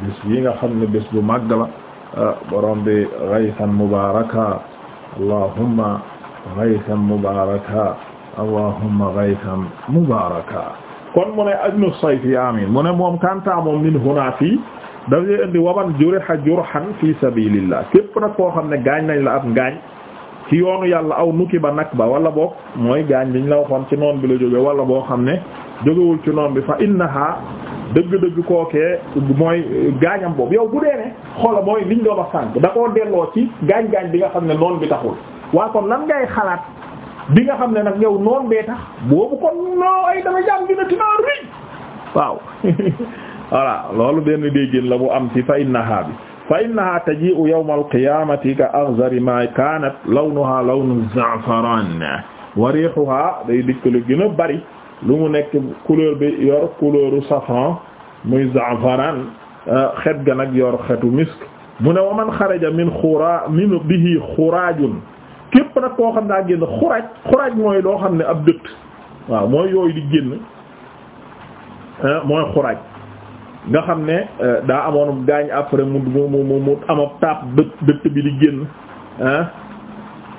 bés yi nga xam ne bés bu màgg la borom bi ghaythan mubaraka allahumma ghaythan mubaraka allahumma ghaythan mubaraka kon mu ne ajnu sayfi amin mu ne moom kanta moom min huna fii dafay indi waman juriha jurhan fi sabilillah képp nag koo xam ne gaañ nañ la ab gaañ ci yoonu yàlla aw nukki ba nag ba wala boog mooy gaañ biñ la waxoon ci noon bi la jógee wala boo xam ne jógewul ci noon bi fa innaha dëgg-dëgg kookee mooy gaañam boobu yow bu dee ne xoola mooy liñ doon wax sànk da koo delloo ci gaañ-gaañ bi nga xam ne noon bi taxul waa kon lan ngay xalaat bi nga xam ne nag yow noon bee tax boobu kon noo ay dama jàam dina tinaar ri waaw (laughs) voilà loolu benn déggéen la mu am ci fa innaha bi fa innaha taji'u yawma alqiyamati ka aghzari ma kanat lawnuha lawnu za'faran wa rihuha day dikk lu gën a bari lu mu nekk couleur bi yor couleuru safran muy za'faran euh, xet ga nag yor xetu misk mu ne wa man xaraja min xura min bihi xuraajun képp nag koo xam daa génn xuraaj xuraaj mooy loo xam ne ab dëtt waaw mooy yooyu di génn euh, mooy xuraaj nga xam ne euh, daa amoon gaañ après mu mu mu mu am ab taab dë dëtt bi di génn ah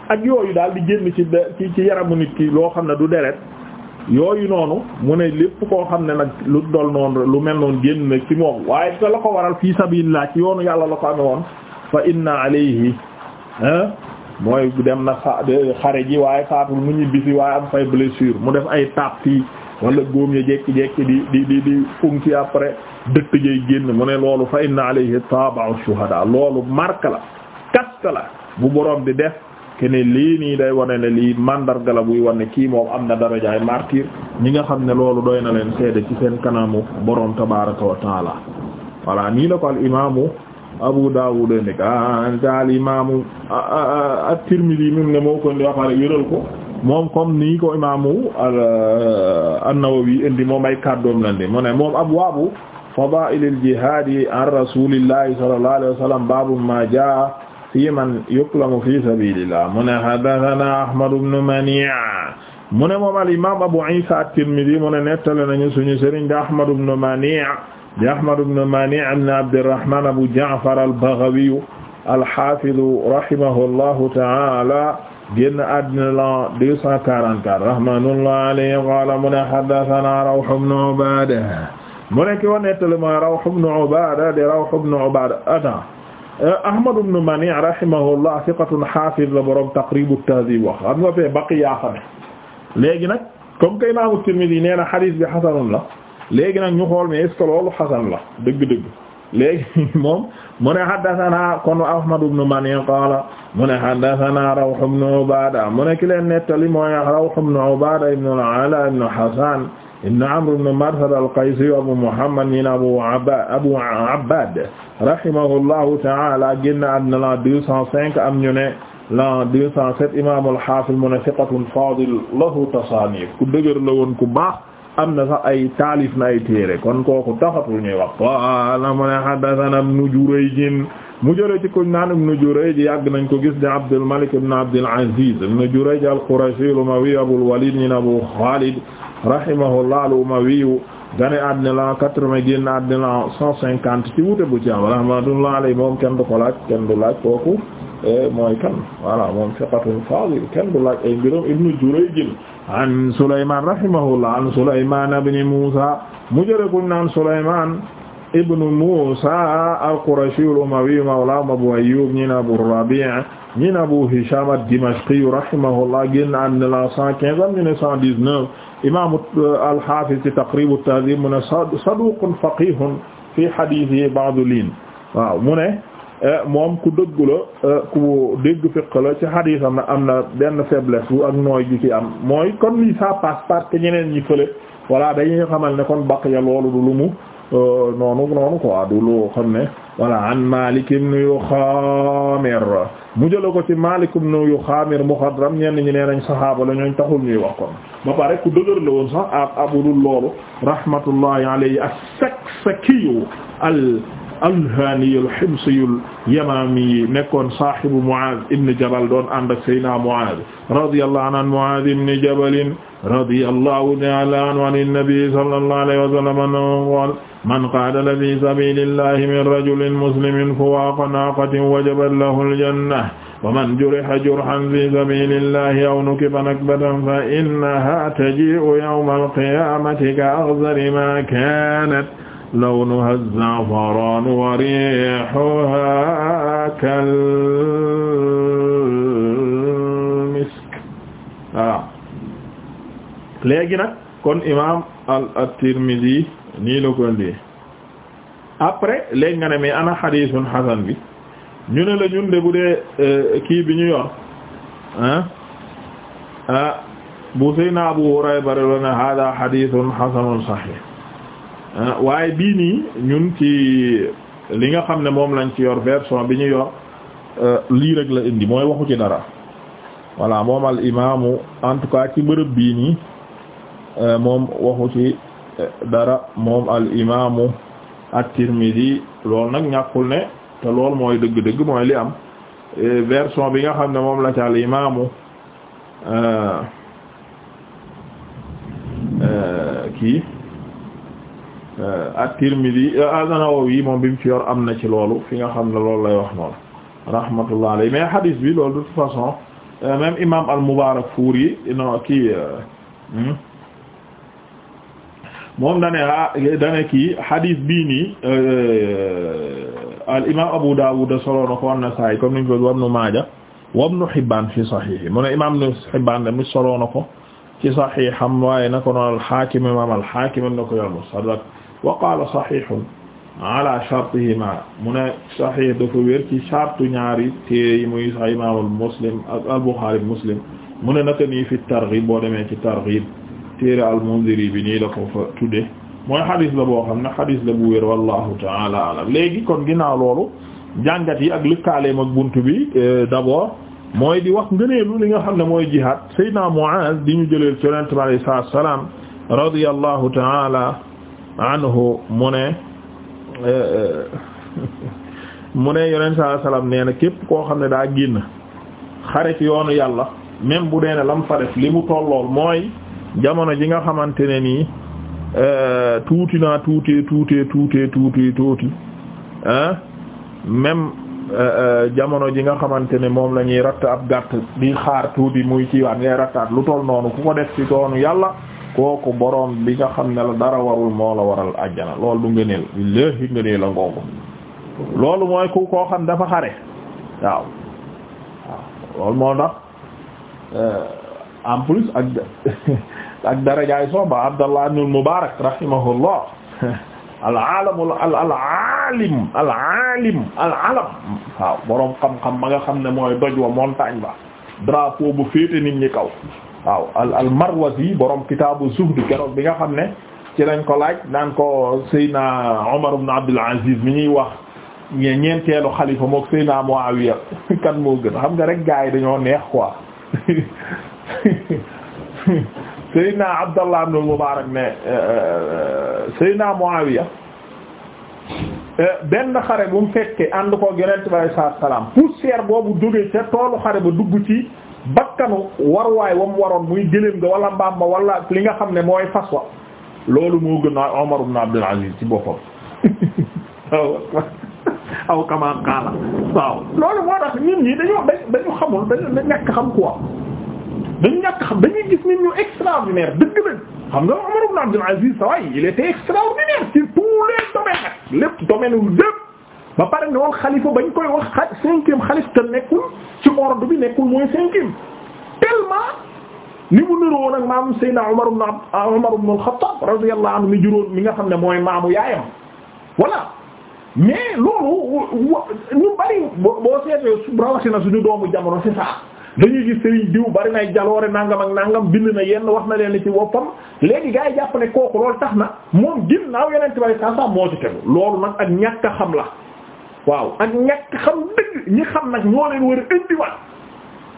ak yooyu daal di génn ci ci ci yaramu nit ki loo xam ne du deret yooyu noonu mu ne lépp koo xam ne nag lu dol noonu lu mel noon génn nag ci moom waaye te la ko waral fii sabilillah ci yoonu yàlla la ko amee woon fa inna alayhi ah mooy dem na xare ji waaye faatul mu ñibbisi waaye am fay blessure mu def ay taab fii wala góom ya jekki-jekki di di di di funki après dëkk jay génn mu ne loolu fa inna alayhi taba'u shuhada loolu marque la kaska la bu borom di def kene lii nii day wane ne lii mandarga la buy wane kii moom am na darajaay martyr ñi nga xam ne loolu doy na leen seede ci seen kanamu borom tabaraka wa taala voilà nii la ko al imaamu Abu Dawud nekk ah al imaamu ah, ah, ah, at-Tirmidhi mi ne moo ko ndi waxaare yëral ko moom comme nii ko imaamu euh, an-Nawawi indi moom ay kàddoom landi mu ne moom abwaabu fadaa'ilil jihaadi an rasuulillahi sallallahu alayhi wa sallam baabu maa jaa'a fii man yuklamu fii sabiilillah mu ne haddathanaa Ahmad ibn Mani' mu ne moom al-imaam Abu Iisa at-Tirmidhi mu ne nettali nañu suñu sëriñ di Ahmad ibn Mani' di Ahmad ibn Mani' ibn Abdirrahmaan Abu Ja'far al-Baghawi al-Haafiz rahimahullahu ta'aala génn àddina la 244 rahmatullahi alayhi qaala mu ne haddathana Rawh ibn Ubaada mu nekk wa nettali ma Rawh ibn Ubaada de Rawh ibn Ubaada ata Ahmad ibn Mani' rahimahullah thiqatun haafiz la borom Taqrib at-Tahdhib wax xam nga fee baqiya xame léegi nag comme kay Imam Tirmidhi nee na hadith bi hasanun la léegi nag ñu xool mais est-ce que loolu hasan la dëgg-dëgg léegi (laughs) moom mu ne haddathana kon Ahmad ibn Mani qaala mu ne haddathana Rawh ibn Ubaada mu ne ki leen nettali mooy Rawh ibn Ubaada ibn al-Alaa ibn Hasan ibn Amr ibn Marsad al-Qaysi Abu Muhammad min Abu Abbaad rahimahullahu ta'aala génn àddina la 205 am ñu ne la 207 imaam al-Haafiz mu ne thiqatun faadil lahu tasaanif ku dëgër la woon ku baax am na sax ay taalif na ay téere kon kooku taxatul ñuy wax qaala mu ne haddathana ibnu Jurayj mu jëlee ci kuñ naan ibnu Jurayj yàgg nañ ko gis di Abdul Malik ibn Abdul Aziz ibnu Jurayj al-Qurashi al-Umawi Abul Walid ñi Abu Khalid rahimahullah al-Umawi gane àddina la quatre-vingts génn la cent cinquante ci wute bu ci am rahmatullah alayhi moom kenn du ko laaj kenn du laaj kooku eh, mooy kan voilà moom fiqatun fadil kenn du laaj ay mbirum ibnu Jurayj an Sulaymaan rahimahullah an Sulaymaan ibn Muusaa mu jëlee ku ñu naan Sulaymaan ibn Muusaa al-Qurashi al-Umawi mawlaa Abu Ayyuub ñi na Abu Rabii' ñi na Abu Hishaam ad-Dimashqi rahimahullah génn àddina la cent quinze am ñu ne cent dix-neuf imaam euh, al-Haafiz ci Taqriib at-Tahziib mu ne saduuqun faqiihun fii hadiisihi ba'du liin waaw mu ne Eh, moom ku dëggu la eh, ku dégg fiq la ci xadiisam na am na benn faiblesse bu ak nooy ju ci am mooy kon lii ça passe parce que ñeneen ñi fële voilà dañuy xamal ne kon baqiya loolu du lu mu eh, noonu noonu quoi lu xam ne voilà an Maalik ibn Yuxaamir mu jëla ko ci Maalik ibn Yuxaamir muxadram ñenn ñi nee nañ saxaaba la ñooñ taxul ñuy wax kon ba pare ku dëgër la woon sax ab abudul loolu rahmatullahi alayhi as-Saksakiyu al alhaani alhimsi alyamami nekkoon saahibu Muaaz ibn Jabal doon ànd ak Seydina Muaaz radiyallahu anhu Muaaz ibn Jabal radiyallahu ta'ala anhu an nabi sallallahu alayhi wa sallam annahu qaala man qaatala fi sabiilillahi min rajulin muslimin fuwaaqa naaqatin wajabat lahu aljanna wa man juriha jurhan fi sabiilillahi aw nukiba nakbatan fa innahaa tajii'u yawma alqiyaamati ka aghzari maa kaanat لونها الزعفران وريحها كالمسك waaw léegi nag kon imaam at-Tirmidhi nii la après léegi nga ne mais ana xadiisun xasan bi ñu ne la ñun de bu euh, bi ñu yor ah Abu Hurayra la ne haaza xadiisun Ah, waaye bii nii ñun ci li nga xam ne moom lañ ci yor version bi ñu yor euh, lii rek la indi mooy waxu ci dara voilà moom al imaamu en tout cas ci bërëb bii nii euh, moom waxu ci euh, dara moom al imaamu at-Tirmidhi lool nag ñàkkul ne te loolu mooy dëgg-dëgg mooy li am version bi nga xam ne moom la ci al imaamu kii Euh, at-Tirmidhi euh, an-Nawawi moom bi mu ci yor am na ci loolu fi nga xam ne loolu lay wax noonu rahmatullah alayhi mais hadith bi loolu de toute façon euh, même imam al-Mubarakfuri non kii hmm? moom dane a ah, dane kii hadith bii nii al imam Abu Dawud solo na ko an-Nasa'i comme niñ ko wa Ibn Majah wa Ibn Hibban fi sahihi mu imam Ibn Hibban de mu solo na ko ci sahiham waaye na ko noon al-Hakim imam al-Hakim na ko yor Mustadrak wa qaala saxiixun ala chartihima mu ne saxiix dafa wér ci chartu ñaari téere yi muy sax imaamul muslim ak al-Buxaari muslim mu ne naka nii fi targhib boo demee ci targhib téere al-Mundiri bi nii la ko fa tudde mooy xadis la boo xam ne xadis la bu wér wallahu taala alam léegi kon ginnaaw loolu jàngat yi ak lëkkaaleem ak buntu bi euh, d'abord mooy di wax ngëneelu li nga xam ne mooy jihaad Seydina Muaaz di ñu jëleel ci Yonent bi alayhi salaatu wa salaam radiyallahu taala anhu mu ne eh, eh, (laughs) mu ne yeneen saa salaam nee na képp koo xam ne daa génn xare ci yoonu yàlla même bu dee ne lam fa def li mu tollool mooy jamono ji nga xamante ne nii eh, tuuti naa tuutee tuutee tuutee tuutee tuuti ah même jamono ji nga xamante ne moom la ñuy ratt ab gàtt di xaar tuuti muy ci waat ngay rattaat lu toll noonu ku ko def ci yoonu yàlla kooku borom bi nga xam ne la dara warul moo la waral ajjana loolu du ngëneel léegi ngëneel la ngoogu loolu mooy ku koo xam dafa xare waaw waaw loolu moo tax euh, en plus ak ak darajaay soxba Abdallah ibn Mubarak rahimahullah al al-alim al al-alam waaw borom xam-xam ba nga xam ne mooy doj wa montagne ba drapeau bu féete nit ñi kaw waaw al al Marwazi borom kitaabu zuhd keroog bi nga xam ne ci lañ ko laaj naan ko Seydina Omar ibn Abdul Aziz ñuy wax ñeenteelu xalifa moog Seydina Muawiya (laughs) kan moo gën xam nga rek gars yi dañoo neex quoi (laughs) Seydina Abdallah ibn Mubarak ne eh, eh, Seydina Muawiya eh, benn xare bu mu fekkee ànd ko Yonent bi sallallahu alayhi wasallam poussière boobu jógee ca toolu xare ba dugg ci. bakkanu warwaay wam waroon muy gëléem nga wala mbaam ma wala li nga xam ne mooy fas wa loolu moo gën a Umar ibn Abdul Aziz ci boppam waaw (laughs) aw kama qaala waaw loolu moo tax nit ñi dañoo dañu xamul dañu ñàkk xam quoi dañu ñàkk xam dañuy gis nit ñu extraordinaire dëgg dëgg xam nga Umar ibn Abdul Aziz sa waay il était extraordinaire sur tous les domaines lépp domaine lu ba pare ne woon xalifa bañ koy wax xa cinquième xalif te nekkul ci ordre bi nekkul mooy cinquième tellement ni mu niroon ak maamu Seydina Umar ibn Umar ah, ibn al-Khattab radiyallahu anhu mi juróom mi nga xam ne mooy maamu yaayam voilà mais loolu ñu bari boo seetee rawatina suñu doomu jamono si ça dañuy gis Serigne diw bari nay jaloore nangam ak nangam bind na yenn wax na leen ci woppam léegi gaa yi jàpp ne kooku loolu tax na moom ginnaaw yeneen tubaab yi moo ci tegu loolu nag ak ñàkk xam la. waaw ak ñàkk xam dëgg ñi xam nag ñoo leen war indiwaat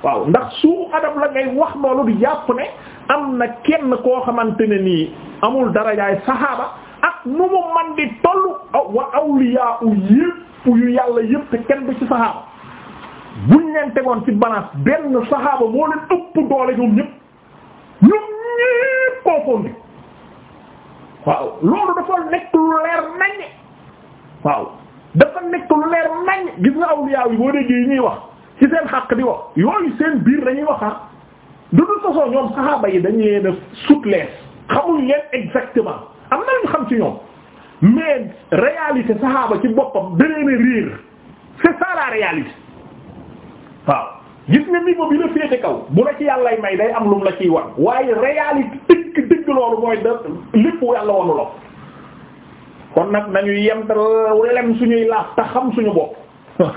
waaw ndax su adab la ngay wax loolu di jàpp ne am na kenn koo xamante ne nii amul darajaay saxaaba ak nu mu man di tollu wa awliyaa u yépp yu yàlla yépp kenn du ci saxaaba buñ leen tegoon ci balance benn saxaaba moo leen ëpp doole ñoom ñépp ñoom koo fondi waaw loolu dafa nekk lu leer nañ waaw dafa nekk lu leer nañ gis nga awliya yi boo déggee yi ñuy wax ci seen xaq di wax yooyu seen biir dañuy wax ah du dul façon ñoom saxaaba yi dañu leen a sutlees xamuñ leen exactement am na luñ xam ci ñoom mais réalité saxaaba ci boppam da leen a réer c'est ça la réalité waaw gis nga niveau bi la féete kaw bu la ci yàllay may day am lum la ciy war waaye réalité dëgg dëgg loolu mooy da lépp yàlla wonu la kon nag nañu yem te lem suñuy laaf te xam suñu bopp (laughs)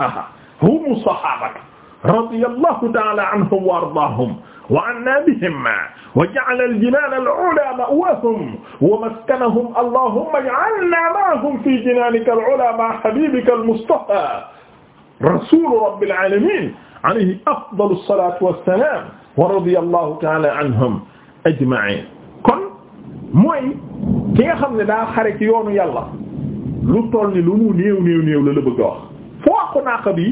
humu sahabatu radiyallahu ta'ala anhum wa ardaahum wa anna bihim wa ja'ala al-jinaana al-'ulaa ma'waahum wa maskanahum allahumma ij'alnaa ma'ahum fii jinaanika al-'ulaa ma'a habiibika al-Mustafaa rasuuli rabbil 'aalamiin alayhi afdalu salaatu wa salaam wa radiyallahu ta'ala anhum ajma'iin kon mooy ki nga xam ne daa xare ci yoonu yàlla lu toll ni lu mu néew néew néew la la bëgg a wax foofu naaqa bi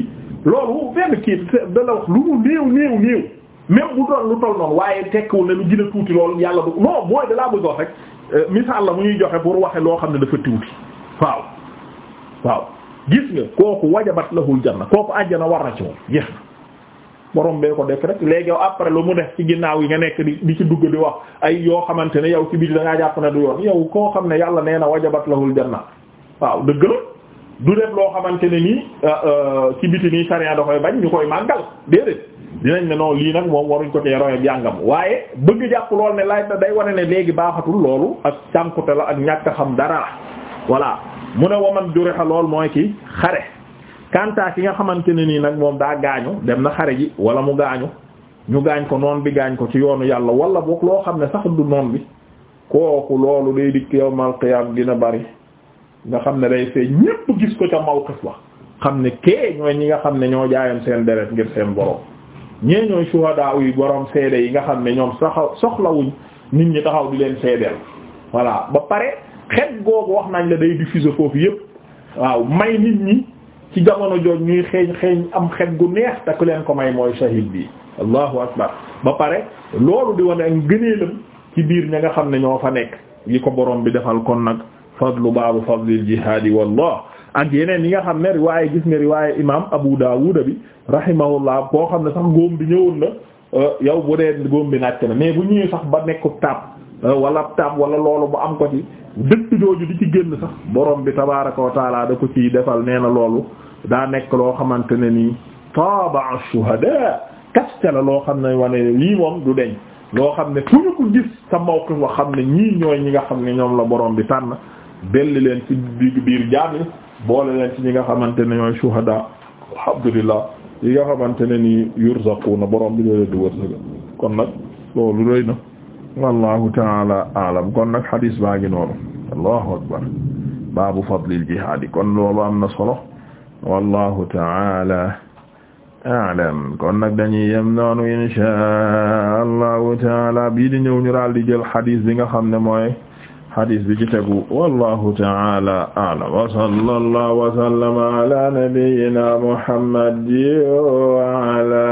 loolu benn kii da la wax lu mu néew néew néew même bu doon lu toll noonu waaye tekkiwul ne lu gën a tuuti loolu yàlla du non booy da laa bëgg a wax euh, misaal la mu ñuy joxe pour waxe loo xam ne dafa tuuti waaw waaw gis nga kooku wajabat lahul janna kooku àjjana war na ci moom jeex na borom bee ko def rek léegi yow après lu mu def ci ginnaaw yi nga nekk di di ci dugg di wax ay yoo xamante ne yow ci biir da ngaa jàpp na du yoon yow koo xam ne yàlla nee na wajabat lahul janna waaw dëgg la du def loo xamante ne nii euh, euh, ci biti nii sariya da koy bañ ñu koy màggal déedéet dinañ ne non lii nag moom waruñ ko cee roye jàngam waaye bëgg jàpp lool ne lay day wane ne léegi baaxatul loolu ak cànkute la ak ñàkk xam dara la voilà mu ne waman jurexa lool mooy kii xare kanta ki nga xamante ne nii nag moom daa gaañu dem na xare ji wala mu gaañu ñu gaañ ko noon bi gaañ ko ci yoonu yàlla wala boog loo xam ne sax du noon bi kooku loolu day dikk yawmal qiyaam dina bari nga xam ne day feeñ ñépp gis ko ca mawqif wax xam ne kee ñooy ñi nga xam ne ñoo jaayoon seen deret ngir seen borom ñee ñooy suhadaa yi boroom seede yi nga xam ne ñoom soxla soxlawuñ nit ñi taxaw di leen seedeel voilà ba pare xet googu wax nañ la day diffuser ci jamono jooj ñuy xeeñ xeeñ am xet gu neex te ku leen ko may mooy shahid bi allahu akbar ba pare loolu di wane ak ngëneelam ci biir ña nga xam ne ñoo fa nekk yi ko borom bi defal kon nag fadlu baabu fadlil jihaadi wallah ak yeneen yi nga xam ne riwaaye gis nga riwaaye imam abu daawuda bi rahimahullah koo xam ne sax góom bi ñëwoon na euh, yow bu dee góom bi nàcc na mais bu ñëwee sax ba nekku taab Euh, wala taam wala loolu bu am ko ci dëkk jooju di ci génn sax borom bi tabaaraka wa taala da ko ciy defal nee na loolu daa nekk loo xamante ne nii taaba ash-shuhada kaste la loo xam ne wane lii moom du deñ loo xam ne fu ñu ko gis sa mawqif nga xam ne ñii ñooy ñi nga xam ne ñoom la borom bi tànn belli leen ci biir jaam yi boole leen ci ñi nga xamante ne ñooy shuhada alhamdulillah yi nga xamante ne nii yurzaquna borom bi ñoo leen di wërsëgal kon nag loolu wallahu taala alam kon nag xadis baa ngi noonu allahu akbar baabu fadlil jihaadi kon loolu am na solo wallahu taala alam kon nag dañuy yem noonu inshaa allahu taala bii di ñëw ñu daal di jël xadis bi nga xam ne mooy xadis bi ci tegu wallahu taala alam wa sallallahu wa sallama ala nabiyyina muhammad wa ala